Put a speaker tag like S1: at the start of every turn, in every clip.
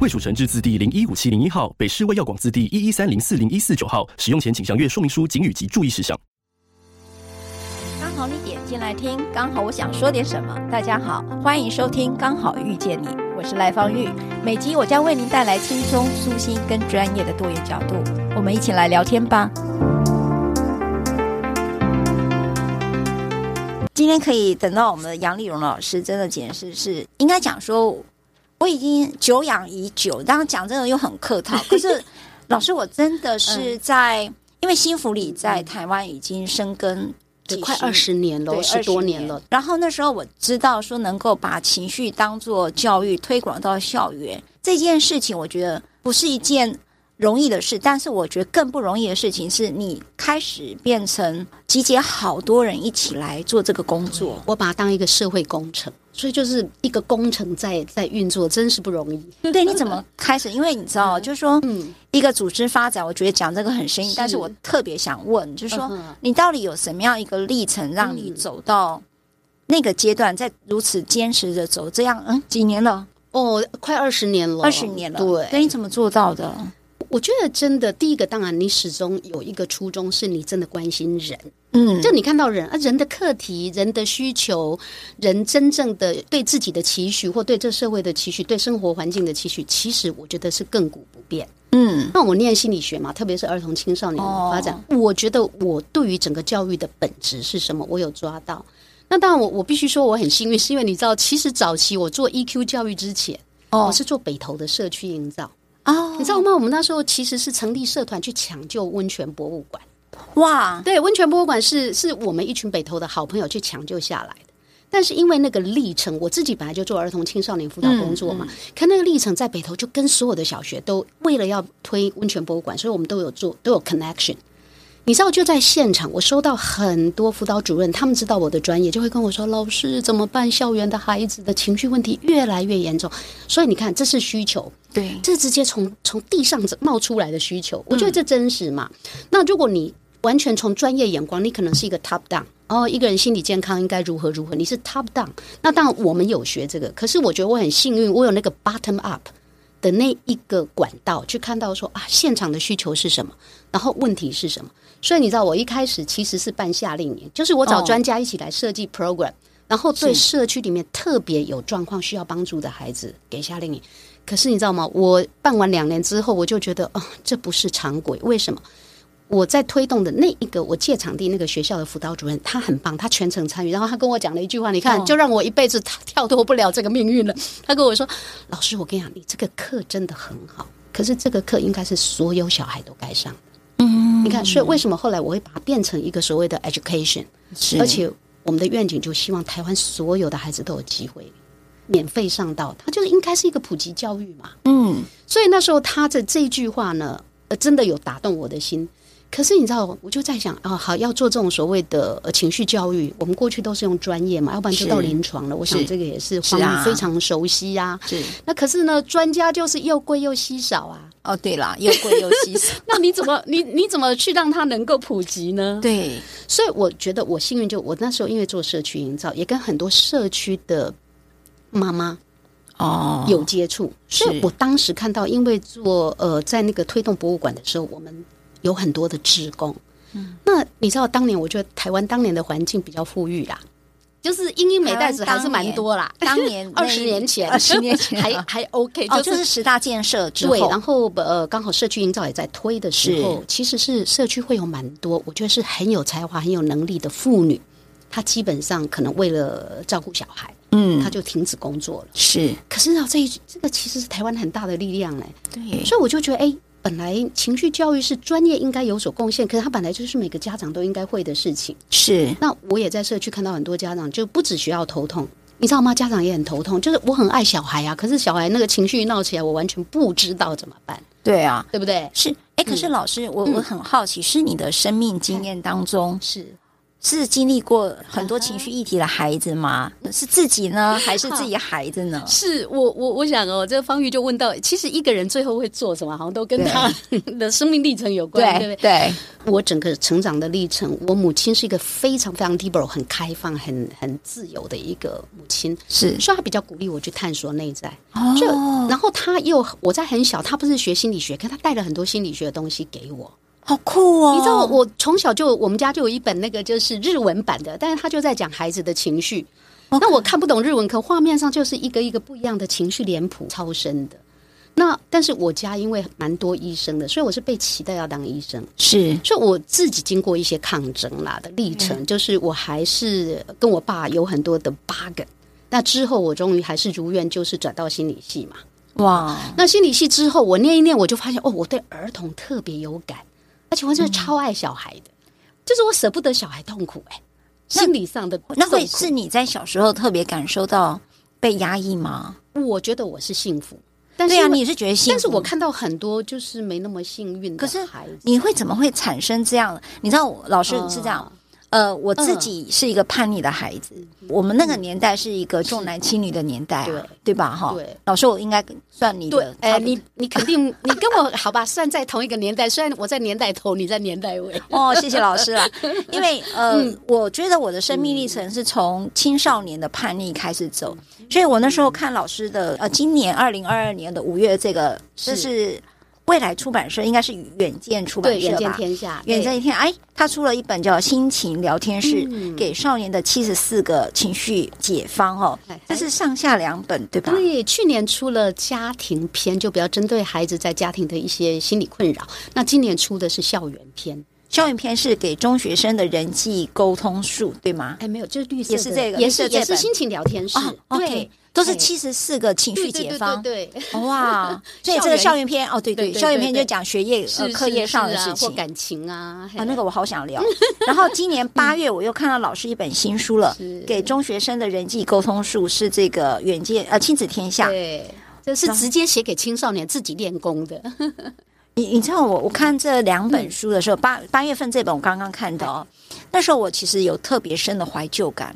S1: 衛署成製字第零一五七零一號，北市衛藥廣字第一一三零四零一四九號。使用前請詳閱說明書、警語及注意事項。
S2: 剛好你點進來聽，剛好我想說點什麼。大家好，歡迎收聽《剛好遇見你》，我是賴芳玉。每集我將為您帶來輕鬆、舒心跟專業的多元角度，我們一起來聊天吧。今天可以等到我們的楊俐容老師，真的簡直是應該講說。我已經久仰已久，當然講真的又很客套。可是，老師，我真的是在， 嗯、因為芯福里在台灣已經生根、嗯對，快二十年了，二十對多年了。然後那時候我知道說，能夠把情緒當做教育推廣到校園這件事情，我覺得不是一件。容易的事，但是我覺得更不容易的事情是你開始變成集結好多人一起來做這個工作。我把它當一個社會工程，所以就是一個工程在在運作，真是不容易。對，你怎麼開始？因為你知道，嗯、就是說，嗯，一個組織發展，我覺得講這個很生意，是但是我特別想問，就是說，嗯、哼你到底有什麼樣一個歷程，讓你走到那個階段，嗯、在如此堅持著走？這樣，嗯，幾年了？哦，快二
S1: 十年了，二十年了。對，那你怎麼做到的？嗯我覺得真的，第一個當然，你始終有一個初衷，是你真的關心人，嗯，就你看到人啊，人的課題、人的需求、人真正的對自己的期許，或對這社會的期許、對生活環境的期許，其實我覺得是亘古不變，嗯。那我念心理學嘛，特別是兒童青少年的發展，哦，我覺得我對於整個教育的本質是什麼，我有抓到。那當然我，我我必須說我很幸運，是因為你知道，其實早期我做 EQ 教育之前，哦，我是做北投的社區營造。啊，你知道嗎？我們那時候其實是成立社團去搶救溫泉博物館。哇，對，溫泉博物館是是我們一群北投的好朋友去搶救下來的。但是因為那個歷程，我自己本來就做兒童青少年輔導工作嘛，嗯嗯、可那個歷程在北投就跟所有的小學都為了要推溫泉博物館，所以我們都有做，都有 connection。你知道就在現場，我收到很多輔導主任，他們知道我的專業，就會跟我說：“老師，怎麼辦？校園的孩子的情緒問題越來越嚴重。”所以你看，這是需求，對，這是直接從從地上冒出來的需求。我覺得這真實嘛。嗯，那如果你完全從專業眼光，你可能是一個 top down。哦，一個人心理健康應該如何如何？你是 top down。那當然我們有學這個，可是我覺得我很幸運，我有那個 bottom up 的那一個管道，去看到說，啊，現場的需求是什麼，然後問題是什麼。所以你知道，我一開始其實是辦夏令營，就是我找專家一起來設計 program，哦，然後對社區裡面特別有狀況需要幫助的孩子給夏令營。是。可是你知道嗎？我辦完兩年之後，我就覺得哦，這不是常軌。為什麼？我在推動的那一個，我借場地那個學校的輔導主任，他很棒，他全程參與。然後他跟我講了一句話，你看，就讓我一輩子跳脫不了這個命運了。哦、他跟我說：“老師，我跟你講，你這個課真的很好，可是這個課應該是所有小孩都該上的。”嗯。你看，所以為什麼後來我會把它變成一個所謂的 education？是，而且我們的願景就希望台灣所有的孩子都有機會免費上到，它就是應該是一個普及教育嘛。嗯，所以那時候他的這句話呢，呃，真的有打動我的心。可是你知道，我就在想啊、哦，好要做這種所謂的、呃、情緒教育，我們過去都是用專業嘛，要不然就到臨床了。是我想這個也是非常熟悉呀、啊。是、啊、那可是呢，專家就是又貴又稀少啊。哦，對啦，又貴又稀少。 那你怎麼你你怎麼去讓他能夠普及呢？對，所以我覺得我幸運，就我那時候因為做社區營造，也跟很多社區的媽媽、嗯、哦有接觸。是所以我當時看到，因為做呃在那個推動博物館的時候，我們。有很多的志工，嗯、那你知道當年我覺得台灣當年的環境比較富裕啦，就是英英美代子還是蠻多啦。當年二十年，年， 年前，十年前，年前、啊、還還 OK、就是、哦，就是十大建設之後，對，然後呃剛好社區營造也在推的時候，是其實是社區會有蠻多，我覺得是很有才華、很有能力的婦女，她基本上可能為了照顧小孩，嗯，她就停止工作了。是，可是呢、啊，這一這個其實是台灣很大的力量嘞。對，所以我就覺得哎。欸本來情緒教育是專業應該有所貢獻，可是它本來就是每個家長都應該會的事情。是，那我也在社區看到很多家長，就不只需要頭痛，你知道嗎？家長也很頭痛，就是我很愛小孩啊，可是小孩那個情緒鬧起來，我完全不知道怎麼辦。對啊，對不對？
S2: 是，哎，可是老師，嗯、我我很好奇，嗯、是你的生命經驗當中是。是經歷過很多情緒議題的孩子嗎？嗯，是自己呢，還是自己孩子呢？
S1: 是我，我我想哦，這個芳玉就問到，其實一個人最後會做什麼，好像都跟他的生命歷程有關，對，對不對？對，對我整個成長的歷程，我母親是一個非常非常 liberal、很開放、很很自由的一個母親，是，所以她比較鼓勵我去探索內在。哦就，然後她又，我在很小，她不是學心理學，可她帶了很多心理學的東西給我。好酷哦！你知道我，我從小就，我們家就有一本那個就是日文版的，但是他就在講孩子的情緒。Okay. 那我看不懂日文，可畫面上就是一個一個不一樣的情緒臉譜，超深的。那但是我家因為蠻多醫生的，所以我是被期待要當醫生。是，所以我自己經過一些抗爭啦的歷程，Okay. 就是我還是跟我爸有很多的 bug。那之後我終於還是如願，就是轉到心理系嘛。哇！Wow. 那心理系之後，我念一念，我就發現哦，我對兒童特別有感。而且我就是超愛小孩的，嗯、就是我捨不得小孩痛苦哎、欸，是心理上的那會是
S2: 你在小時候特別感受到被壓抑嗎？
S1: 我覺得我是幸福，對呀、啊，你也是覺得幸福？但是我看到很多就是沒那麼幸運的孩子，可是
S2: 你會怎麼會產生這樣？你知道，我老師是這樣。哦呃，我自己是一個叛逆的孩子。我們那個年代是一個重男輕女的年代對對吧？哈，老師，我應該算你
S1: 的。你你肯定你跟我好吧？算在同一個年代，雖然我在年代頭，你在年代尾。哦，謝謝老師啦。因為呃，我覺得我的生命歷程是從
S2: 青少年的叛逆開始走，所以我那時候看老師的呃，今年二零二二年的五月這個就是。未來出版社應該是遠見出版社吧？對，遠見天下，遠見天下。哎，他出了一本叫《心情聊天室》，嗯、給少年的七十四個
S1: 情緒解方哦。這是上下兩本，對吧？哎哎、對，去年出了家庭篇，就比較針對孩子在家庭的一些心理困擾。嗯、那今年出的是校園篇，校園篇是給中學生的人際溝通術，對嗎？哎，沒有，就是綠色，也是這個，也是也是心情聊天室，哦 okay、
S2: 對。都是七十四個情緒解方，
S1: 對
S2: 哇！所以這個校園片哦，對對，校園片就講學業呃，課業上的事情，感情啊啊，那個我好想聊。然後今年八月，我又看到老師一本新書了，給中學生的人際溝通術，是這個遠見呃親子天下，對，這是直接寫給青少年自己練功的。你你知道我我看這兩本書的時候，八八月份這本我剛剛看到，那時候我其實有特別深的懷舊感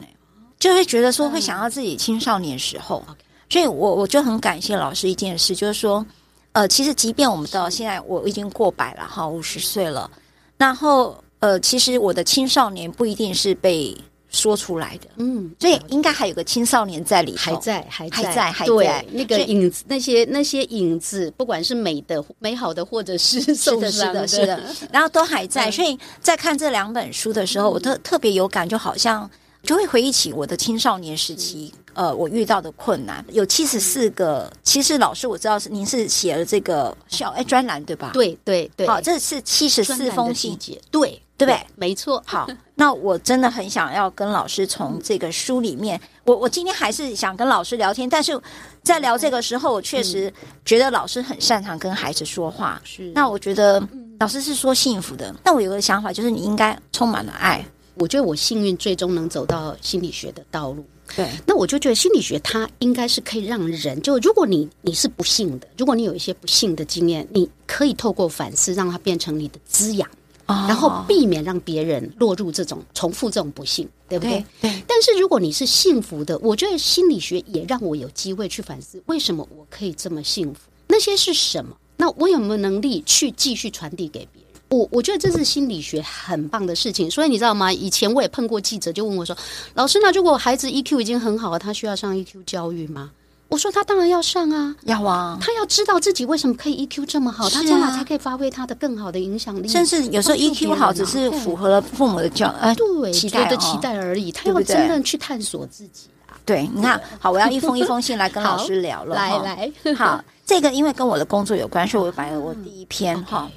S2: 就會覺得說會想到自己青少年的時候，所以我我就很感謝老師一件事，就是說，呃，其實即便我們到現在我已經過百了哈，五十歲了，然後呃，其實我的青少年不一定是被說出來的，
S1: 嗯，所以應該還有個青少年在裡頭還在還在，還在，還還在，對，還在那個影子，以那些那些影子，不管是美的、美好的，或者是受傷的、是的，是的，是的，
S2: 然後都還在，所以在看這兩本書的時候，我特、嗯、特別有感，就好像。就會回憶起我的青少年時期，嗯、呃，我遇到的困難有七十四個。嗯、其實老師，我知道是您是寫了這個小愛專欄對吧？對對對。對對好，這是七十四封信件。對對，沒錯。好，那我真的很想要跟老師從這個書裡面，嗯、我我今天還是想跟老師聊天，但是在聊這個時候，我確實覺得老師很擅長跟孩子說話。是，那我覺得老師是說幸福的，嗯、那
S1: 我有個想法就是你應該充滿了愛。我覺得我幸運，最終能走到心理學的道路。對，那我就覺得心理學它應該是可以讓人，就如果你你是不幸的，如果你有一些不幸的經驗，你可以透過反思讓它變成你的滋養，哦、然後避免讓別人落入這種重複這種不幸，對不對？對。對但是如果你是幸福的，我覺得心理學也讓我有機會去反思，為什麼我可以這麼幸福？那些是什麼？那我有沒有能力去繼續傳遞給別人？我我覺得這是心理學很棒的事情，所以你知道嗎？以前我也碰過記者，就問我說：“老師，那如果孩子 EQ 已經很好了，他需要上 EQ 教育嗎？”我說：“他當然要上啊，要啊，他要知道自己為什麼可以 EQ 這麼好，他將來才可以發揮他的更好的影響力。甚至有時候 EQ 好，只是
S2: 符合了父母的教，哎，對，期待的期待
S1: 而已，他要真的去探索自己
S2: 啊。對你看好，我要一封一封信來跟老師聊了。來來，
S1: 好，
S2: 這個因為跟我的工作有關，所以我把我第一篇哈。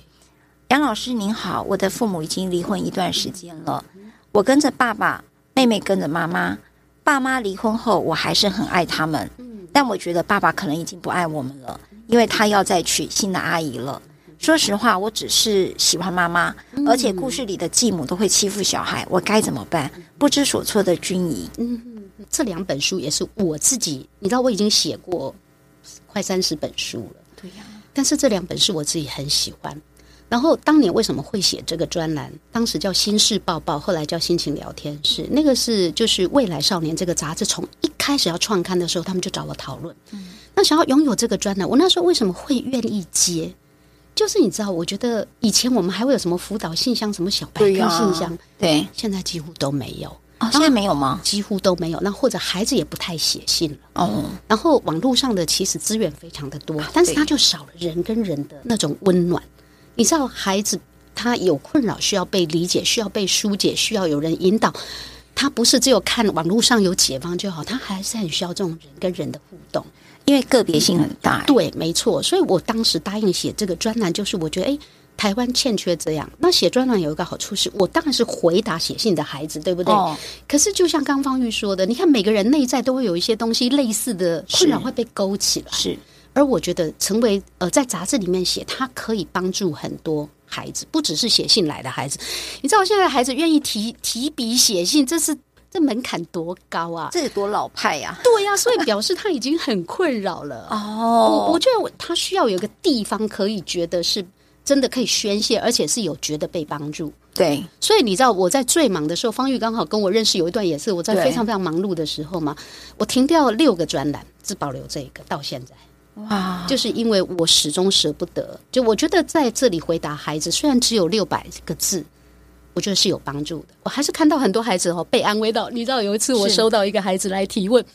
S2: 楊老師您好，我的父母已經離婚一段時間了，我跟着爸爸，妹妹跟着媽媽。爸媽離婚後，我還是很愛他們，但我覺得爸爸可能已經不愛我們了，因為他要再娶新的阿姨了。說實話，我只是喜歡媽媽，而且故事裡的繼母都會欺負小孩，我該怎麼辦？不知所措的君怡，嗯，
S1: 這兩本書也是我自己，你知道我已經寫過快三十本書了，對呀，啊，但是這兩本是我自己很喜歡。然後當年為什麼會寫這個專欄？當時叫《心事報報》，後來叫《心情聊天室》是。那個是就是《未來少年》這個雜誌從一開始要創刊的時候，他們就找我討論。嗯，那想要擁有這個專欄，我那時候為什麼會願意接？就是你知道，我覺得以前我們還會有什麼輔導信箱，什麼小白鴿信箱，對，啊、對，現在幾乎都沒有啊、哦。現在沒有嗎？啊、幾乎都沒有。那或者孩子也不太寫信了哦、嗯。然後網絡上的其實資源非常的多，但是它就少了人跟人的那種溫暖。你知道孩子他有困擾，需要被理解，需要被疏解，需要有人引導。他不是只有看網絡上有解方就好，他還是很需要這種人跟人的互動，因為個別性很大、嗯。對，沒錯。所以我當時答應寫這個專欄，就是我覺得，哎、欸，台灣欠缺這樣。那寫專欄有一個好處是，我當然是回答寫信的孩子，對不對？哦、可是就像剛剛芳玉說的，你看每個人內在都會有一些東西類似的困擾會被勾起來，是。是而我覺得，成為呃，在雜誌裡面寫，他可以幫助很多孩子，不只是寫信來的孩子。你知道，現在孩子願意提提筆寫信，這是這門檻多高啊！這得多老派呀、啊！對呀、啊，所以表示他已經很困擾了。哦， 我我覺得他需要有個地方可以覺得是真的可以宣泄，而且是有覺得被幫助。對，所以你知道，我在最忙的時候，芳玉剛好跟我認識有一段也是，我在非常非常忙碌的時候嘛，對我停掉了六個專欄，只保留這一個，到現在。哇，wow, 就是因為我始終捨不得，就我覺得在這裡回答孩子，雖然只有六百個字，我覺得是有幫助的。我還是看到很多孩子哦、喔、被安慰到。你知道有一次我收到一個孩子來提問，是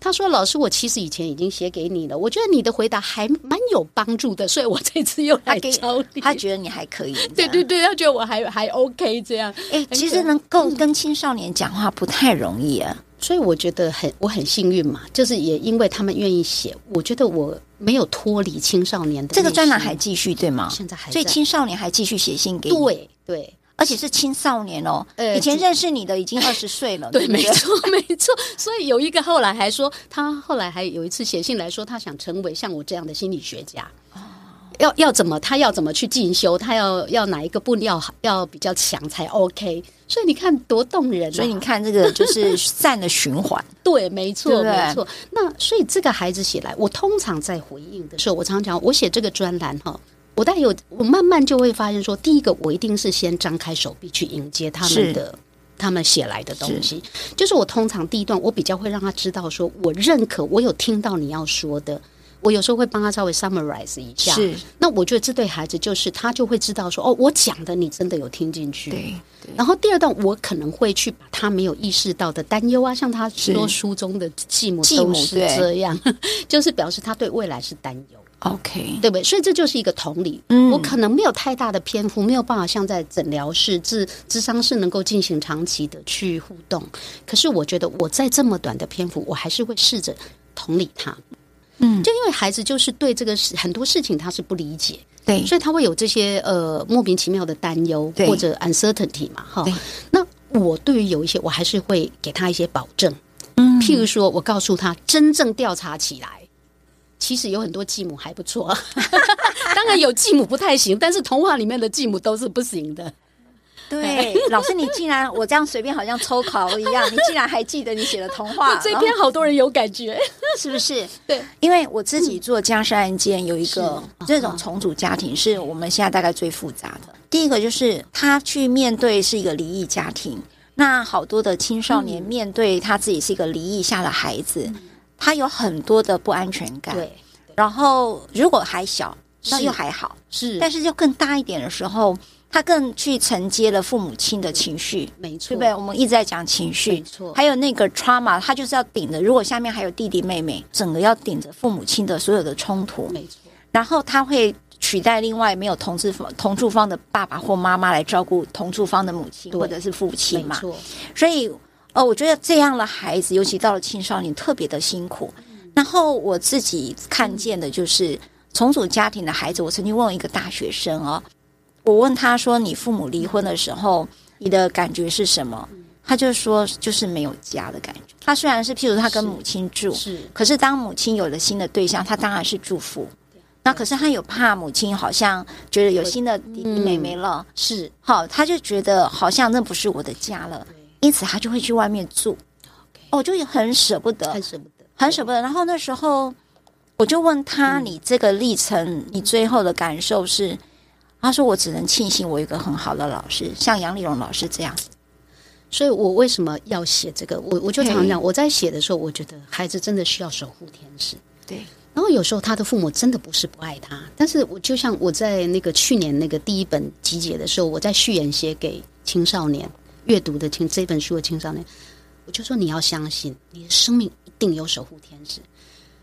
S1: 他說：“老師，我其實以前已經寫給你了，我覺得你的回答還蠻有幫助的，所以我這次又來教你他給他覺得你還可以。”
S2: 對對對，他覺得我還還
S1: OK 這樣。哎、欸，其實能夠跟青少年講話不太容易啊，所以我覺得很我很幸運嘛，就是也因為他們願意寫，我覺得我。沒有脫離青少年的這個專欄還繼續對嗎？現在還在。所以青少年還繼續寫信給你對對，對，而且是青少年哦，呃、以前認識你的已經二十歲了，就對，沒錯沒錯。所以有一個後來還說，他後來還有一次寫信來說，他想成為像我這樣的心理學家，哦、要要怎麼他要怎麼去進修，他要要哪一個步好，要比較強才 OK。所以你看多動人、啊！所以你看這個就是善的循環。 對，沒錯，對沒錯。那所以這個孩子寫來，我通常在回應的時候，我常常講，我寫這個專欄哈，我大概有我慢慢就會發現說，第一個我一定是先張開手臂去迎接他們的，是他們寫來的東西。是，就是我通常第一段，我比較會讓他知道說，說我認可，我有聽到你要說的。我有時候會幫他稍微 summarize 一下，是。那我覺得這對孩子就是他就會知道說，哦，我講的你真的有聽進去對。對。然後第二段，我可能會去把他沒有意識到的擔憂啊，像他說書中的繼母，繼母這樣，是是 就是表示他對未來是擔憂。OK，對不對？所以這就是一個同理。嗯。我可能沒有太大的篇幅，沒有辦法像在診療室、諮諮商室能夠進行長期的去互動。可是我覺得我在這麼短的篇幅，我還是會試着同理他。嗯，就因為孩子就是對這個很多事情他是不理解，對，所以他會有這些呃莫名其妙的擔憂對或者 uncertainty 嘛，哈。對那我對於有一些我還是會給他一些保證，嗯，譬如說我告訴他，真正調查起來，其實有很多繼母還不錯， 當然有繼母不太行， 但是童話裡面的繼母都是不行的。對，老師，你
S2: 竟然我這樣隨便好像抽考一樣，
S1: 你竟然還記得你寫的童
S2: 話。這篇 好多人有感覺，然後是不是？對，因為我自己做家事案件有一個這種重組家庭，是我們現在大概最複雜的。哦嗯、第一個就是他去面對是一個離異家庭，嗯、那好多的青少年面對他自己是一個離異下的孩子，嗯、他有很多的不安全感。對，對然後如果還小，那又還好。是，但是就更大一點的時候，他更去承接了父母親的情緒，沒錯，對不對？我們一直在講情緒，沒錯。還有那個 trauma，他就是要頂着，如果下面還有弟弟妹妹，整個要頂着父母親的所有的衝突，沒錯。然後他會取代另外沒有同住同住方的爸爸或媽媽來照顧同住方的母親，沒錯。或者是父親嘛，沒錯。所以，哦，我覺得這樣的孩子，尤其到了青少年，特別的辛苦。嗯。然後我自己看見的就是。嗯重組家庭的孩子，我曾經問一個大學生哦，我問他說：“你父母離婚的時候，你的感覺是什麼？”嗯、他就說：“就是沒有家的感覺。”他雖然是譬如他跟母親住是，是可是當母親有了新的對象，嗯、他當然是祝福。對那可是他有怕母親好像覺得有新的弟弟妹妹了，嗯、是好、哦，他就覺得好像那不是我的家了，因此他就會去外面住，哦，就很捨不得，很捨不得，很捨不得。然後那時候。我就問他：“你這個歷程，嗯、你最後的感受是？”他說：“我只能慶幸我有一個很好的老師，
S1: 像楊俐容老師這樣。”所以，我為什麼要寫這個？我我就常常講，Okay. 我在寫的時候，我覺得孩子真的需要守護天使。
S2: 對。
S1: 然後有時候他的父母真的不是不愛他，但是我就像我在那個去年那個第一本集結的時候，我在序言寫給青少年閱讀的青這本書的青少年，我就說：“你要相信，你的生命一定有守護天使。”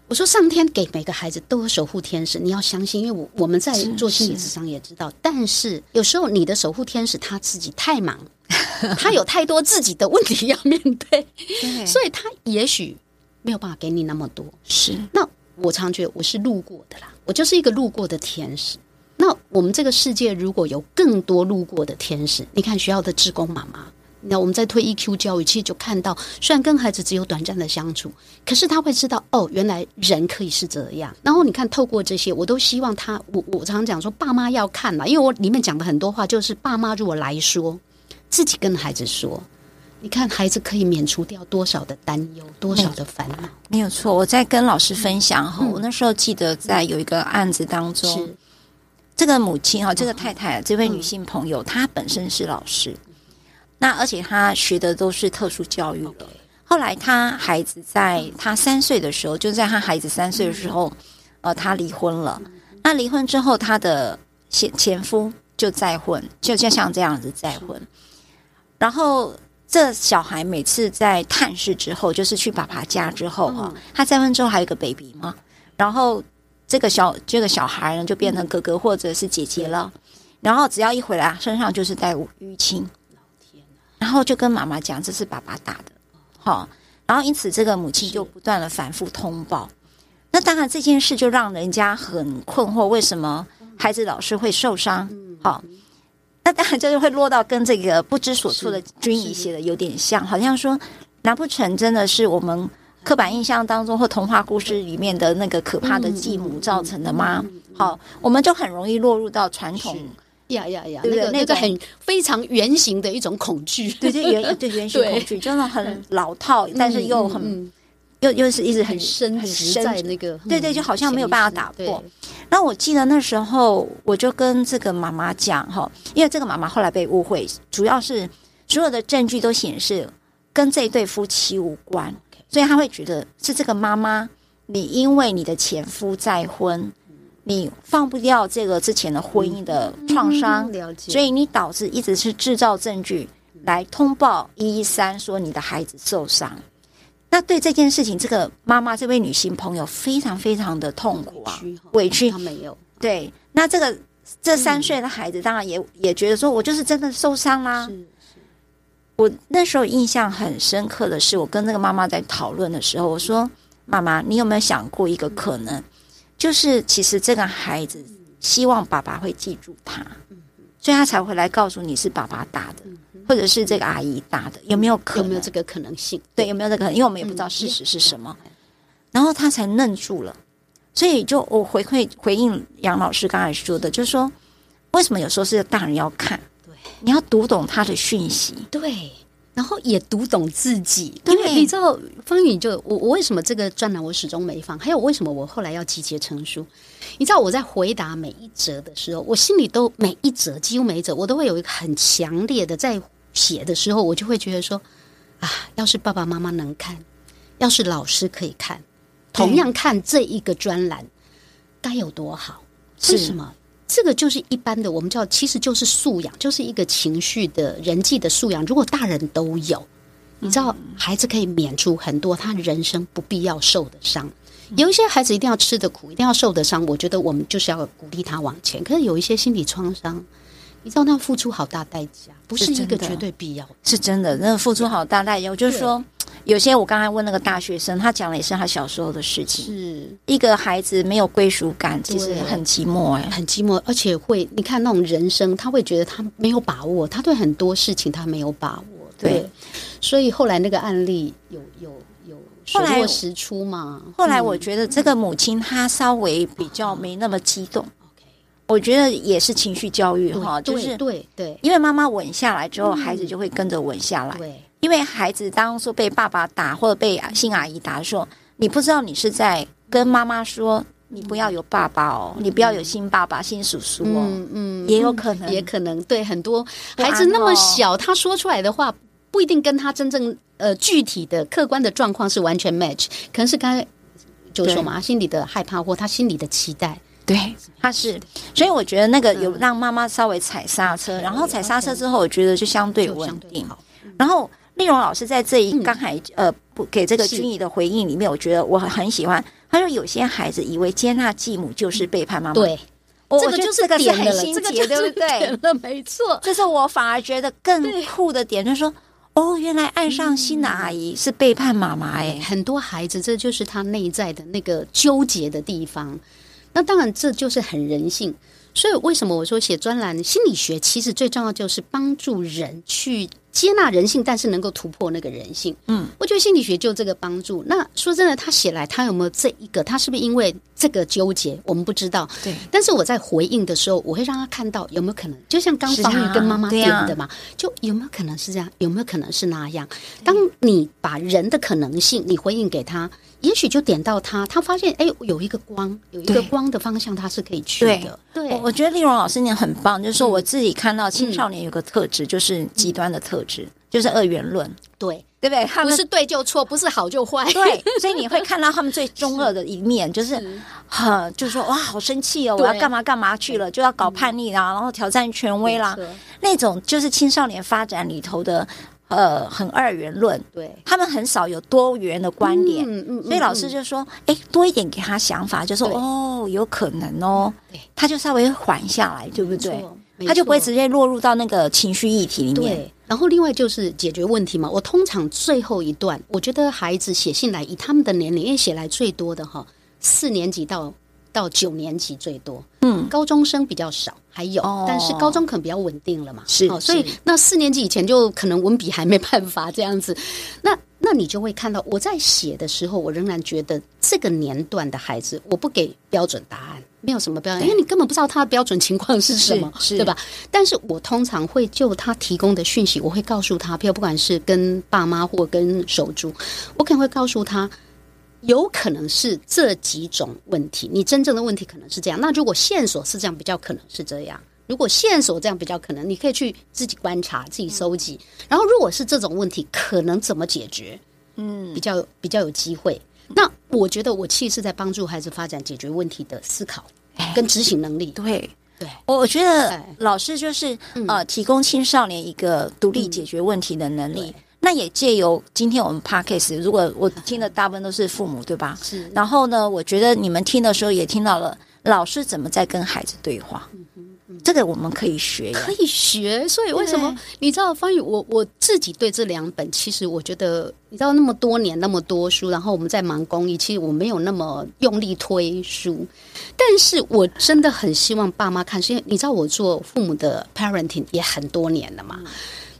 S1: 我說，上天給每個孩子都有守護天使，你要相信，因為我我們在做心理諮商也知道。嗯、是是，但是有時候你的守護天使他自己太忙， 他有太多自己的問題要面對， 所以他也許沒有辦法給你那麼多。是，那我常覺得我是路過的啦，我就是一個路過的天使。那我們這個世界如果有更多路過的天使，你看學校的志工媽媽。那我們在推 EQ 教育，其實就看到，雖然跟孩子只有短暫的相處，可是他會知道，哦，原來人可以是這樣。然後你看，透過這些，我都希望他，我我常常講說，爸媽要看嘛，因為我裡面講的很多話，就是爸媽如果來說，自己跟孩子說，你看孩子可以免除掉多少的擔憂，多少的煩惱。沒
S2: 有，沒有錯，我在跟老師分享哈，嗯嗯，我那時候記得在有一個案子當中，是這個母親哈，這個太太，這位女性朋友，嗯，她本身是老師。那而且他學的都是特殊教育的，後來他孩子在他三歲的時候，就在他孩子三歲的時候，呃，他離婚了。那離婚之後，他的前前夫就再婚，就就像這樣子再婚。然後這小孩每次在探視之後，就是去爸爸家之後啊，他再婚之後還有一個 baby 嘛。然後這個小這個小孩呢，就變成哥哥或者是姐姐了。然後只要一回來，身上就是帶淤青。然後就跟媽媽講，這是爸爸打的，好、哦。然後因此這個母親就不斷的反覆通報。是那當然這件事就讓人家很困惑，為什麼孩子老是會受傷？好、哦，嗯、那當然就是會落到跟這個不知所措的軍醫寫的有點像，好像說，難不成真的是我們刻板印象當中或童話故事裡面的那個可怕的繼母造成的嗎？好，我們就很容易落入到傳統。
S1: 呀呀呀！那個那個很非常原型的一種恐懼，對對圓對原型恐懼，真的很老套，但是又很
S2: 又又是一直很深很實在的那個，對對，就好像沒有辦法打破。那我記得那時候，我就跟這個媽媽講齁，因為這個媽媽後來被誤會，主要是所有的證據都顯示跟這對夫妻無關，所以她會覺得是這個媽媽，你因為你的前夫再婚。你放不掉這個之前的婚姻的創傷，嗯嗯嗯、了解。所以你導致一直是製造證據來通報一一三，說你的孩子受傷。那對這件事情，這個媽媽這位女性朋友非常非常的痛苦啊，委屈。她沒有對，那這個這三歲的孩子當然也、嗯、也覺得說我就是真的受傷啦。是是，我那時候印象很深刻的是，我跟這個媽媽在討論的時候，我說媽媽，你有沒有想過一個可能？嗯就是其實這個孩子希望爸爸會記住他，嗯、哼所以他才會來告訴你是爸爸打的，嗯、哼或者是這個阿姨打的，有沒有可能、嗯？有沒有這個可能性？對，對，有沒有這個可能？因為我們也不知道事實是什麼。嗯嗯、然後他才愣住了，所以就我回饋回應楊老師剛才說的，就是說為什麼有時候是大人要看，對，你要讀
S1: 懂他的訊息，對。然後也讀懂自己，因為，因為你知道，芳玉就我我為什麼這個專欄我始終沒放，還有為什麼我後來要集結成書？你知道我在回答每一則的時候，我心裡都每一則幾乎每一則，我都會有一個很強烈的，在寫的時候，我就會覺得說啊，要是爸爸媽媽能看，要是老師可以看，同樣看這一個專欄，該有多好？是什麼？這個就是一般的，我們叫其實就是素養，就是一個情緒的人際的素養。如果大人都有，你知道，嗯、孩子可以免除很多他人生不必要受的傷。嗯、有一些孩子一定要吃的苦，一定要受的傷，我覺得我們就是要鼓勵他往前。可是有一些心理創傷，你知道，要、那個、付出好大代價，不是，是一個絕對必要
S2: 的。是真的，那個、付出好大代價，是的，我就是說。有些我剛才問那個大學生，他講的也是他小時候的事情。是一個孩子沒有歸屬感，其實很
S1: 寂寞哎，很寂寞，而且會你看那種人生，他會覺得他沒有把握，他對很多事情他沒有把握。對，所以後來那個案例有有
S2: 有，水落石
S1: 出嘛。後來我
S2: 覺得這個母親她稍微比較沒那麼激動。OK，我覺得也是情緒教育哈，就是對對，因為媽媽穩下來之後，孩子就會跟着穩下來。對。因為孩子當初被爸爸打，或者被新阿姨打的時候，說，你不知道你是在跟媽媽說你不要有爸爸哦，你不
S1: 要有新爸爸、新叔叔哦，嗯，嗯，也有可能，嗯、也可能對，很多孩子那麼小，他說出來的話不一定跟他真正呃具體的客觀的狀況是完全 match，可能是剛就說嘛，對心裡的害怕或他心裡的期待，對，
S2: 他是，所以我覺得那個有讓媽媽稍微踩剎車，然後踩剎車之後，我覺得就相對穩定，然後。俐容老師在這一，剛才、嗯、呃不給這個君怡的回應裡面，嗯、我覺得我很喜歡。他說有些孩子以為接納繼母就是背叛媽媽、嗯，對，哦、這
S1: 個就是點很了，這對不對？
S2: 點沒錯錯。這是我反而覺得
S1: 更酷的點，對就是說，哦，原來愛上新的阿姨是背叛媽媽誒，很多孩子這就是他內在的那個糾結的地方。那當然，這就是很人性。所以為什麼我說寫專欄心理學其實最重要就是幫助人去。接納人性，但是能夠突破那個人性。嗯，我覺得心理學就這個幫助。那說真的，他寫來，他有沒有這一個？他是不是因為？這個糾結我們不知道，對。但是我在回應的時候，我會讓他看到有沒有可能，就像剛芳玉跟媽媽點的嘛，啊啊、就有沒有可能是這樣，有沒有可能是那樣？對當你把人的可能性，你回應給他，也許就點到他，他發現哎，有一個光，有一個光的方向，他是可以去的。對，對我覺得俐容老師你很棒，嗯、就是說我自己看到青少年
S2: 有個特質，嗯、就是極端的特質，嗯、就是二元論。對。
S1: 對不對？他們是對就錯，不是好就壞。
S2: 對，所以你會看到他們最中二的一面，就是很就是說哇，好生氣哦，我要幹嘛幹嘛去了，就要搞叛逆啦，然後挑戰權威啦，那種就是青少年發展裡頭的呃很二元論。對他們很少有多元的觀
S1: 點，所以老師就
S2: 說，哎，多一點給他想法，就說哦，有可能哦，
S1: 他就稍微緩下來，對不對？他就不會直接落入到那個情緒議題裡面。然後另外就是解決問題嘛。我通常最後一段，我覺得孩子寫信來，以他們的年齡，因為寫來最多的哈，四年級到到九年級最多，嗯，高中生比較少，還有，哦、但是高中可能比較穩定了嘛，是、哦，所以是那四年級以前就可能文筆還沒辦法這樣子。那那你就會看到我在寫的時候，我仍然覺得這個年段的孩子，我不給標準答案。沒有什麼標準，因為你根本不知道他的標準情況是什麼，對吧？但是我通常會就他提供的訊息，我會告訴他，比如不管是跟爸媽或跟手足，我可能會告訴他，有可能是這幾種問題。你真正的問題可能是這樣。那如果線索是這樣，比較可能是這樣。如果線索這樣，比較可能你可以去自己觀察、自己收集。然後如果是這種問題，可能怎麼解決？嗯，比較比較有機會。嗯那我覺得我其實是在幫助孩子發展解決問題的思考跟執行能力、哎。對對，對我覺得老師就是、哎、呃，提供青少年一個
S2: 獨立解決問題的能力。嗯嗯、那也借由今天我們 p a r k c a s 如果我聽的大部分都是父母對吧？是。然後呢，我覺得你們聽的時候也聽到了老師怎麼
S1: 在跟孩子對話。嗯這個我們可
S2: 以學、嗯，可
S1: 以學。所以為什麼對你知道方宇？我我自己對這兩本，其實我覺得你知道那麼多年那麼多書，然後我們在忙公益，其實我沒有那麼用力推書，但是我真的很希望爸媽看，是因為你知道我做父母的 parenting 也很多年了嘛。嗯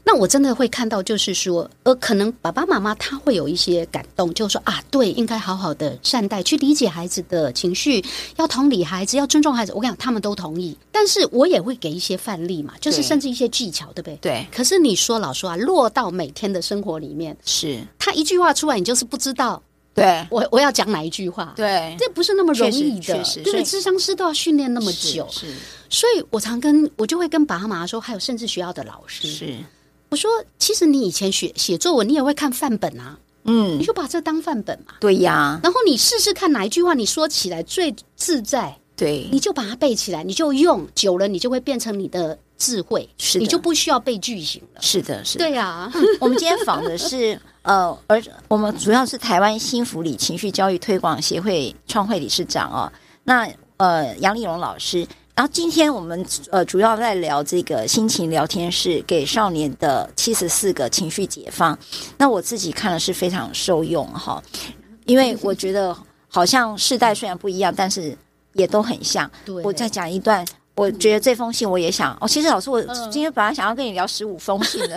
S1: 那我真的會看到，就是說，呃，可能爸爸媽媽他會有一些感動，就是、說啊，對，應該好好的善待，去理解孩子的情緒，要同理孩子，要尊重孩子。我跟你講他們都同意，但是我也會給一些範例嘛，就是甚至一些技巧，對，對不對？對。可是你說老實話，落到每天的生活裡面，是對他一句話出來，你就是不知道，對我我要講哪一句話，對，這不是那麼容易的，就是對，對？諮商師都要訓練那麼久，是。是所以我常跟我就會跟爸爸媽媽說，還有甚至學校的老師是。我說，其實你以前寫寫作文，你也會看範本啊，嗯，你就把這當範本嘛。對呀，然後你試試看哪一句話你說起來最自在，對，你就把它背起來，你就用，久了你就會變成你的智慧，是的，你就不需要背句型了。是的，是的，對呀。 我們今天訪的是呃，而我們主要是台灣
S2: 芯福里情緒教育推廣協會創會理事長哦。那呃楊俐容老師。然後今天我們呃主要在聊這個心情聊天室，給少年的七十四個情緒解方，那我自己看了是非常受用哈，因為我覺得好像世代雖然不一樣，但是也都很像。對我再講一段。我覺得這封信我也想哦，其實老師，我今天本來想要跟你聊十五封信的。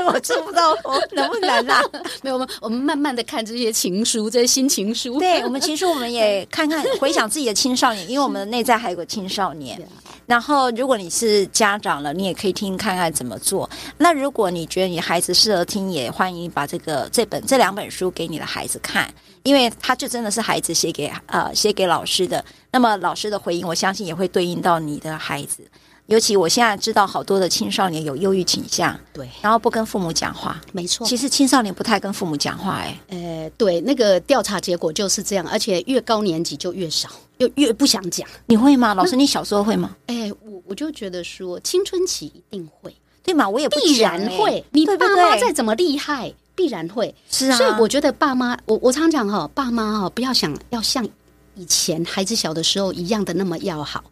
S2: 嗯、 我知不知道我能不能啊？沒有，我們我們慢慢的看這些情書，這些新情書。對，我們情書，我們也看看， 回想自己的青少年，因為我們的內在還有個青少年。是然後，如果你是家長了，你也可以聽看看怎麼做。那如果你覺得你孩子適合聽，也歡迎把這個這本這兩本書給你的孩子看，因為他就真的是孩子寫給呃寫給老師的。那麼老師的回應，我相信也會對應到你的孩子。尤其我現在知道好多的青少年有憂鬱傾向，
S1: 對，然後不跟父母講話，沒錯。其實青少年不太跟父母講話，欸，哎、呃，對，那個調查結果就是這樣，而且越高年級就越少，就越不想講。你會嗎，老師？那你小時候會嗎？哎、呃，我我就覺得說青春期一定會，對嗎？我也不必然會，對對，你爸媽再怎麼厲害，必然會，是啊。所以我覺得爸媽，我我常講哈、哦，爸媽哈、哦，不要想要像以前孩子小的時候一樣的那麼要好。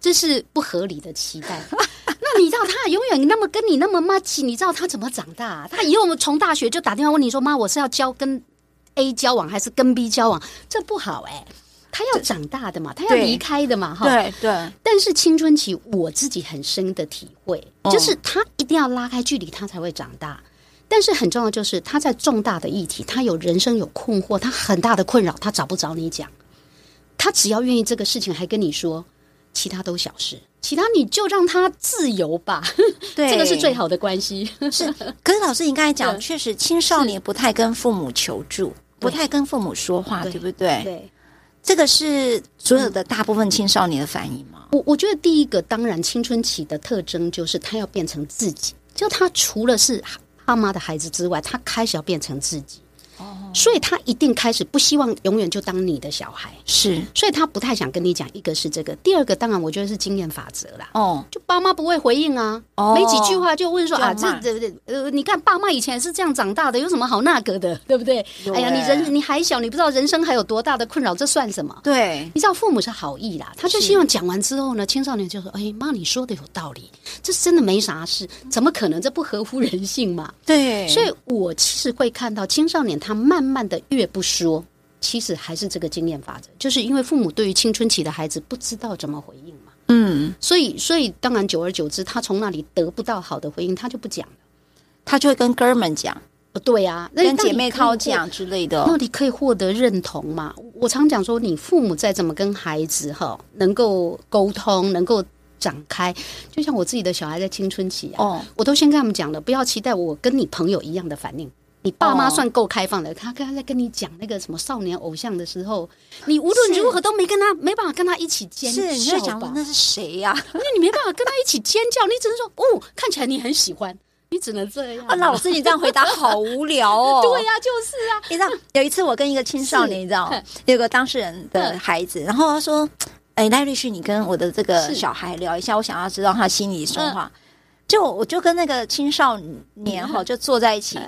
S1: 這是不合理的期待。 那你知道他永遠那麼跟你那麼 match 你知道他怎麼長大、啊？他以後從大學就打電話問你說：“媽，我是要交跟 A 交往還是跟 B 交往？”這不好哎、欸，他要長大的嘛，他要離開的嘛，哈。對對。但是青春期我自己很深的體會，就是他一定要拉開距離，他才會長大。但是很重要的就是，他在重大的議題，他有人生有困惑，他很大的困擾，他找不着你講。他只要願意這個事情，還跟你說。其他都小事，其他你就讓他自由吧。對。呵呵，這個是最好的關係。
S2: 是，可是老師，你剛才講，嗯、確實青少年不太跟父母求助，是不太跟父母說話，對，對不對？對，對這個是所有的大部分青少年的反應嘛、嗯。
S1: 我我覺得第一個，當然青春期的特徵就是他要變成自己，就他除了是爸媽的孩子之外，他開始要變成自己。所以他一定開始不希望永遠就當你的小孩，是，所以他不太想跟你講。一個是這個，第二個當然我覺得是經驗法則啦。哦，就爸媽不會回應啊，哦，沒幾句話就問說就啊，這這呃，你看爸媽以前是這樣長大的，有什麼好那個的，對不對？對，哎呀，你人你還小，你不知道人生還有多大的困擾，這算什麼？對，你知道父母是好意啦，他就希望講完之後呢，青少年就說：“是哎，媽，你說的有道理，這真的沒啥事，怎麼可能？這不合乎人性嘛？”對，所以，我其實會看到青少年他。他慢慢的越不說，其實還是這個經驗法則，就是因為父母對於青春期的孩子不知道怎麼回應嘛，嗯，所以所以當然久而久之，他從那裡得不到好的回應，他就不講了，他就會跟哥們講，嗯、對呀、啊，跟姐妹靠講之類的，那你可以獲得認同嘛？我常講說，你父母再怎麼跟孩子哈，能夠溝通，能夠展開，就像我自己的小孩在青春期、啊、哦，我都先跟他們講了，不要期待我跟你朋友一樣的反應。你爸媽算夠開放的，他剛剛在跟你講那個什麼少年偶像的時候，你無論如何都沒跟他沒辦法跟他一起尖叫吧？那是誰呀？那你沒辦法跟他一起尖叫，你只能說哦，看起來你很喜歡，你只能
S2: 這樣。老師，你這樣回答好無
S1: 聊哦。對呀，
S2: 就是啊。你知
S1: 道有一次我跟一個青少年，你
S2: 知道有個當事人的孩子，然後他說：“哎，賴律師，你跟我的這個小孩聊一下，我想要知道他心裡說話。”就我就跟那個青少年哈就坐在一起。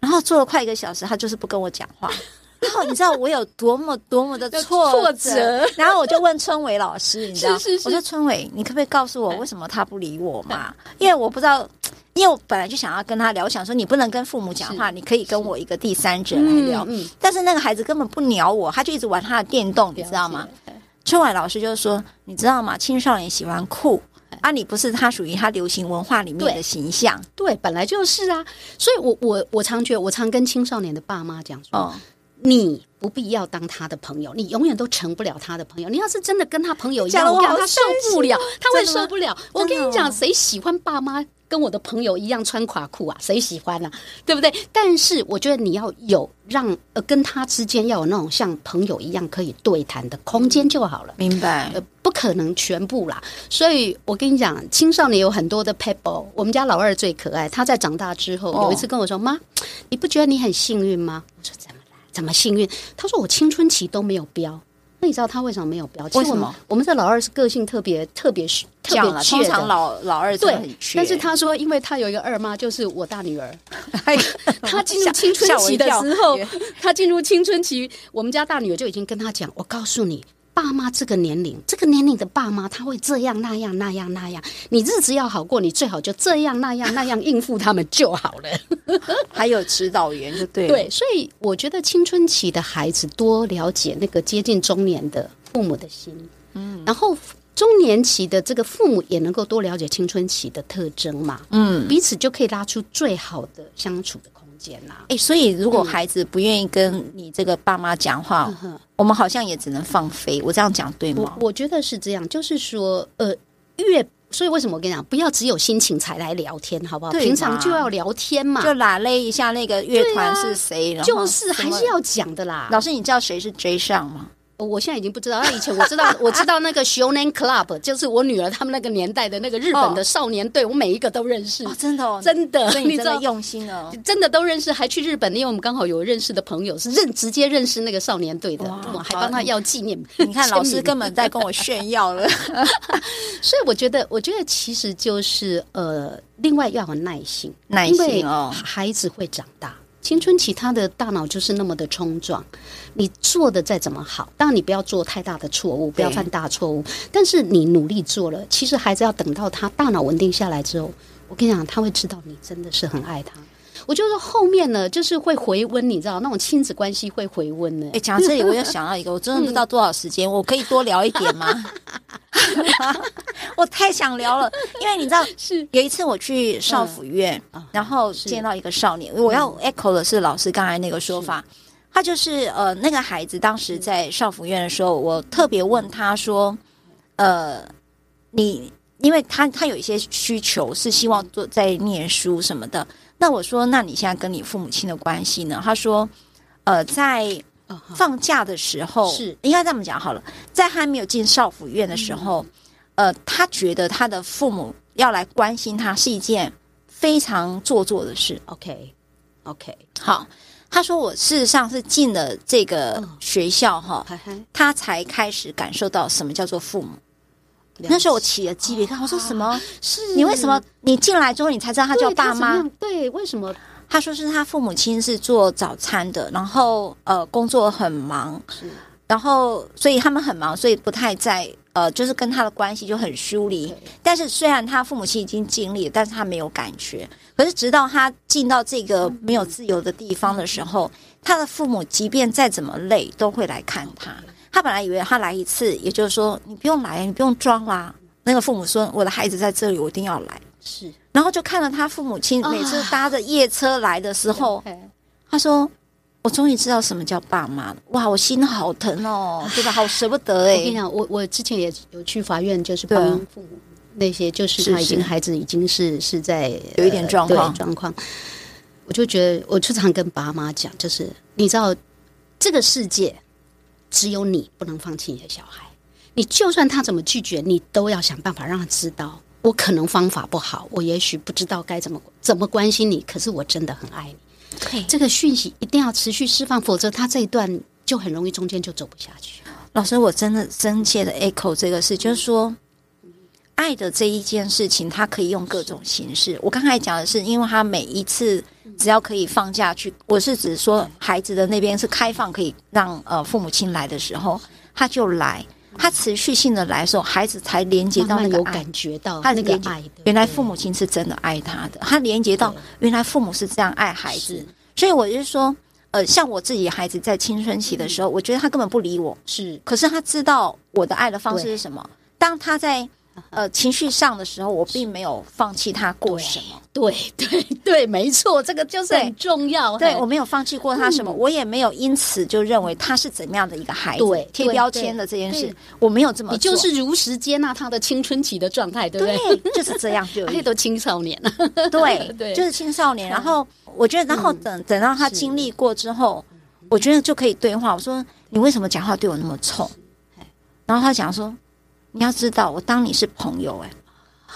S2: 然後坐了快一個小時，他就是不跟我講話。 然後你知道我有多麼多麼的挫折 挫折， 然後我就問春偉老師，你知道，是是是我說春偉，你可不可以告訴我為什麼他不理我嘛？哎、因為我不知道，因為我本來就想要跟他聊，我想說你不能跟父母講話，是你可以跟我一個第三者來聊。是是嗯嗯、但是那個孩子根本不鳥我，他就一直玩他的電動，解你知道嗎？嗯、春偉老師就說，你知道嗎？青少年喜歡酷。啊，你不是他屬於他流行文化裡面的形象，對，對，本來就是
S1: 啊，所以我我我常覺得，我常跟青少年的爸媽講說，哦，你。不必要當他的朋友，你永遠都成不了他的朋友。你要是真的跟他朋友一樣，的話，他受不了，他會受不了。我跟你講，誰喜歡爸媽跟我的朋友一樣穿垮褲啊？誰喜歡啊？對不對？但是我覺得你要有讓呃跟他之間要有那種像朋友一樣可以對談的空間就好了。明白？呃，不可能全部啦。所以我跟你講，青少年有很多的撇步。我們家老二最可愛，他在長大之後、哦、有一次跟我說：“媽，你不覺得你很幸運嗎？”我說怎麼？怎麼幸運？他說，我青春期都沒有飆，那你知道他為什麼沒有飆？為什麼？我們這老二是個性特別特別倔，非常老，老二對，但是他說，因為他有一個二媽，就是我大女兒，哎、 他進入青春期的時候，他進入青春期，我們家大女兒就已經跟他講，我告訴你。爸媽這個年齡，這個年齡的爸媽，他會這樣那樣那樣那樣。你日子要好過，你最好就這樣那樣那樣應付他們就好了。
S2: 還有指導員就對。對，
S1: 所以我覺得青春期的孩子多了解那個接近中年的父母的心，嗯，然後中年期的這個父母也能夠多了解青春期的特徵嘛，嗯，彼此就可以拉出最好的相處的。吶、欸，所以如果孩子不願意跟你這個爸媽講話，嗯、
S2: 我們好像也只能放飛。我這樣講對嗎我？
S1: 我覺得是這樣，就是說，呃，越……所以為什麼我跟你講，不要只有心情才來聊天，好不好？對嗎平常就要聊
S2: 天嘛，就拉了一下那個樂團是誰了，啊、後就是還是要講的啦。老師，你知道誰是 J 上嗎？我現在已經不
S1: 知道，但以前我知道， 我知道那個 Shonen Club，就是我女兒她們那個年代的那個日本的少年隊，哦、我每一個都認識。哦，真的哦、真的，真的，你真的用心了、哦，真的都認識，還去日本，因為我們剛好有認識的朋友是認直接認識那個少年隊的，哇我還幫他要紀念品。你看，老師根本在跟我炫耀了。 所以我覺得，我覺得其實就是呃，另外要有耐心，耐心哦，孩子會長大。青春期他的大腦就是那麼的衝撞，你做的再怎麼好，當然你不要做太大的錯誤，不要犯大錯誤。嗯，但是你努力做了，其實孩子要等到他大腦穩定下來之後，我跟你講，他會知道你真的是很愛他。我就是後面呢，就是會回溫，你知道那種親子關係會回溫呢。欸，講到這裡我又想到
S2: 一個， 我真的不知道多少時間，嗯、我可以多聊一點嗎？ 我太想聊了，因為你知道，是有一次我去少輔院，嗯、然後見到一個少年，是我要 echo 的是老師剛才那個說法，是他就是呃，那個孩子當時在少輔院的時候，我特別問他說，嗯、呃，你因為他他有一些需求是希望做在念書什麼的。嗯那我說，那你現在跟你父母親的關係呢？他說，呃，在放假的時候，是、oh, oh. 應該這麼講好了。在他還沒有進少輔院的時候，mm hmm. 呃，他覺得他的父母要來關心他是一件非常做作的事。OK，OK，okay. Okay. 好。他說，我事實上是進了這個學校，oh. 哈，他才開始感受到什麼叫做父母。那時候我起了雞皮疙瘩，他、哦、我說什麼？是你為什麼？你進來之後，你才知道他叫爸媽、就是。對，為什麼？他說是他父母親是做早餐的，然後呃，工作很忙，是然後所以他們很忙，所以不太在呃，就是跟他的關係就很疏離。Okay. 但是雖然他父母親已經盡力了，但是他沒有感覺。可是直到他進到這個沒有自由的地方的時候，嗯、他的父母即便再怎麼累，都會來看他。Okay. 他本來以為他來一次，也就是說你不用來，你不用裝啦、啊。那個父母說：“我的孩子在這裡，我一定要來。”是，然後就看到他父母親每次搭着夜車來的時候，啊、他說：“我終於知道什麼叫爸媽了，哇，我
S1: 心好疼哦、喔，啊、對吧？好捨不得，欸、我跟你講，我我之前也有去法院，就是幫父母那些，就是他已經孩子已經是，啊，是，是，是在、呃、有一點狀況狀況，我就覺得我就常跟爸媽講，就是你知道這個世界，只有你不能放棄你的小孩，你就算他怎麼拒絕，你都要想辦法讓他知道，我可能方法不好，我也許不知道該怎麼怎麼關心你，可是我真的很愛你。嘿這個訊息一定要持續釋放，否則他這一段就很容易中間就走不下去。老師，我真的真切的 echo 這個事，就是說。
S2: 愛的這一件事情，他可以用各種形式。我剛才講的是，因為他每一次只要可以放假去，我是指說孩子的那邊是開放，可以讓呃父母親來的時候，他就來，他持續性的來的時候，孩子才連接到那個愛，感覺到他那個愛。原來父母親是真的愛他的，他連接到原來父母是這樣愛孩子，所以我就說，呃，像我自己孩子在青春期的時候，我覺得他根本不理我，是，可是他知道我的愛的方式是什麼，對當他在。呃，情緒上的時候，我並沒有放棄他過什麼，對對對，沒
S1: 錯，這個就是很重要。對，我沒有放棄過他什麼，
S2: 我也沒有因此就認為他是怎
S1: 麼樣的一個孩子，貼標籤的這件事，我沒有這麼。你就是如實接納他的青春期的狀態，對不對？就是這樣，太多青少年，對對，就是青少年。然
S2: 後我覺得，然後等等到他經歷過之後，我覺得就可以對話。我說：“你為什麼講話對我那麼衝？”然後他講說。你要知道，我當你是
S1: 朋友哎、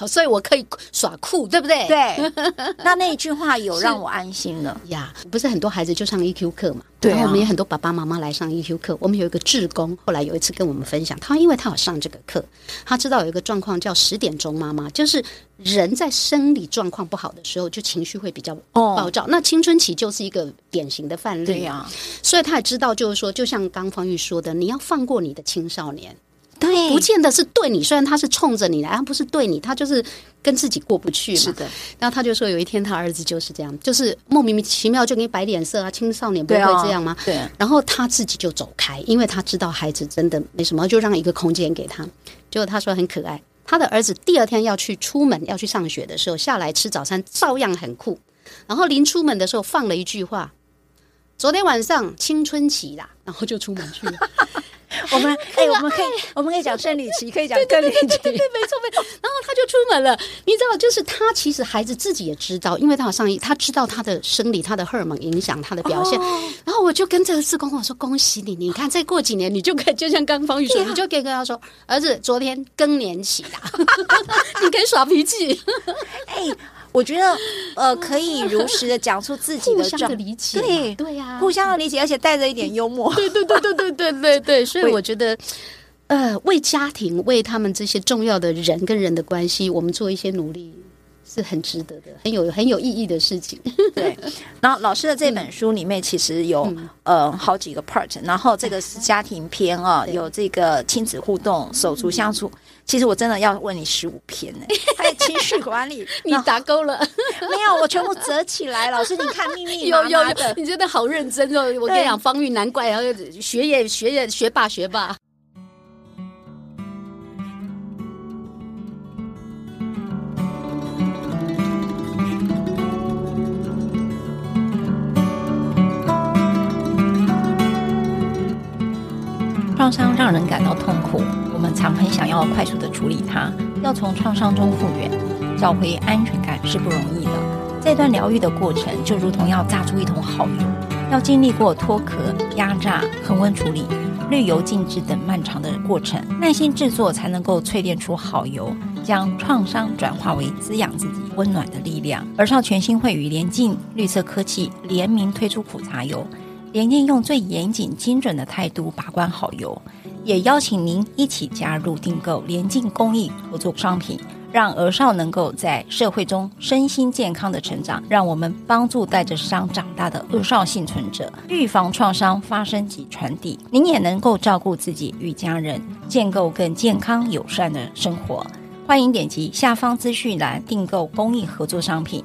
S1: 嗯，
S2: 所以我可以耍酷，對不對？對。 那那一句話有讓我
S1: 安心了、嗯、呀。不是很多孩子就上 EQ 課嘛？對、啊。然後我們有很多爸爸媽媽來上 EQ 課。我們有一個志工，後來有一次跟我們分享，他因為他有上這個課，他知道有一個狀況叫十點鐘媽媽，就是人在生理狀況不好的時候，就情緒會比較暴躁。哦、那青春期就是一個典型的範例，對啊。所以他也知道，就是說，就像剛芳玉說的，你要放過你的青少年。對，不見得是對你，雖然他是衝着你來，他不是對你，他就是跟自己過不去。是的，然後他就說，有一天他兒子就是這樣，就是莫名其妙就給你擺臉色啊。青少年不會，會這樣嗎？對啊，對。然後他自己就走開，因為他知道孩子真的沒什麼，就讓一個空間給他。就他說很可愛，他的兒子第二天要去出門要去上學的時候，下來吃早餐照樣很酷。然後臨出門的時候放了一句話：“昨天晚上青春期啦。”然後就出門去了。 我們哎、欸，我們可以，哎、呀我們可以講、哎、呀生理期，哎、呀可以講更年期，對對對，對，對，對，對 沒錯沒錯。然後他就出門了，你知道，就是他其實孩子自己也知道，因為他上衣，他知道他的生理，他的荷爾蒙影響他的表現。哦、然後我就跟這個四公我說：“恭喜你，你看、哦、再過幾年你就可以，就像剛剛芳玉說，啊、你就可以跟他說，兒子，昨天更年期啦， 你可以耍脾氣。 ”哎、欸，我覺得。呃，可以如實的講述自己的，互相的理解對對、啊，對對呀，互相的理解，而且帶着一點幽默，對對對對對對對對。所以我覺得，喂呃，為家庭、為他們這些重要的人跟人的關係，我們做一些努力。是很值得的，很有很有意義的事情。
S2: 對，然後老師的這本書裡面其實有、嗯、呃好幾個 part，然後這個是家庭篇啊、哦，唉有這個親子互動、手足對相處。其實我真的要問你十五篇
S1: 呢，還有 情緒管理，你打勾了 沒有？我全部折起來，老師你看密密麻麻有有有，你真的好認真哦。我跟你講，對芳玉難怪然後學業學業學霸學霸。學霸。
S2: 創傷讓人感到痛苦，我們常很想要快速的處理它，要從創傷中復原，找回安全感是不容易的。這段療癒的過程就如同要榨出一桶好油，要經歷過脫殼、壓榨、恆溫處理、濾油、靜置等漫長的過程，耐心製作才能夠淬煉出好油，將創傷轉化為滋養自己、溫暖的力量。兒少權心會與聯淨綠色科技聯名推出苦茶油。連進用最嚴謹、精準的態度把關好油，也邀請您一起加入訂購連進公益合作商品，讓兒少能夠在社會中身心健康的成長，讓我們幫助帶着傷長大的兒少幸存者，預防創傷發生及傳遞。您也能夠照顧自己與家人，建構更健康、友善的生活。歡迎點擊下方資訊欄訂購公益合作商品。